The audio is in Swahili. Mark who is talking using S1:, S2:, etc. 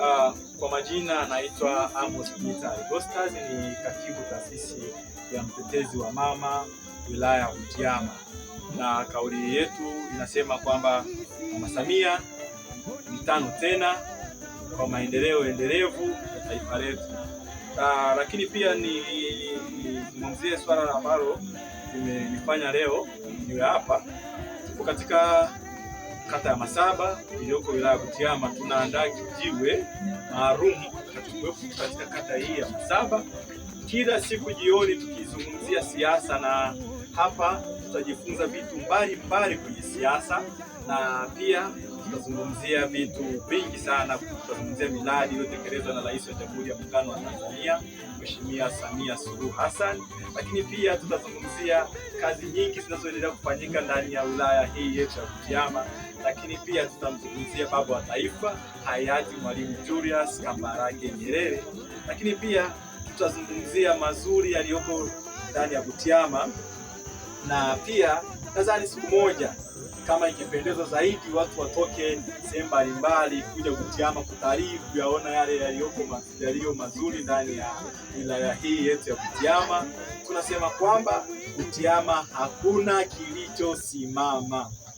S1: Uh, kwa majina anaitwa Amos Peter Augustus, ni katibu taasisi ya mtetezi wa mama wilaya ya Butiama, na kauli yetu inasema kwamba Mama Samia mitano tena kwa maendeleo endelevu ya taifa letu. Uh, lakini pia ni zungumzie swala ambalo limenifanya leo niwe hapa, tuko katika kata ya Masaba iliyoko wilaya ya Butiama, tunaandaa kijiwe maalum kitakachokuwepo katika kata hii ya Masaba kila siku jioni, tukizungumzia siasa, na hapa tutajifunza vitu mbalimbali kwenye siasa na pia tutazungumzia vitu vingi sana, tutazungumzia miradi iliyotekelezwa na Rais wa Jamhuri ya Muungano wa Tanzania Mheshimiwa Samia Suluhu Hassan, lakini pia tutazungumzia kazi nyingi zinazoendelea kufanyika ndani ya wilaya hii yetu ya Butiama, lakini pia tutamzungumzia baba wa taifa hayati Mwalimu Julius Kambarage Nyerere, lakini pia tutazungumzia mazuri yaliyoko ndani ya Butiama na pia nadhani siku moja kama ikipendeza zaidi watu watoke sehemu mbalimbali kuja kutiama kutalii kuyaona yale yaliyoko yaliyo mazuri ndani ya wilaya hii yetu ya Butiama. Tunasema kwamba Butiama hakuna kilichosimama.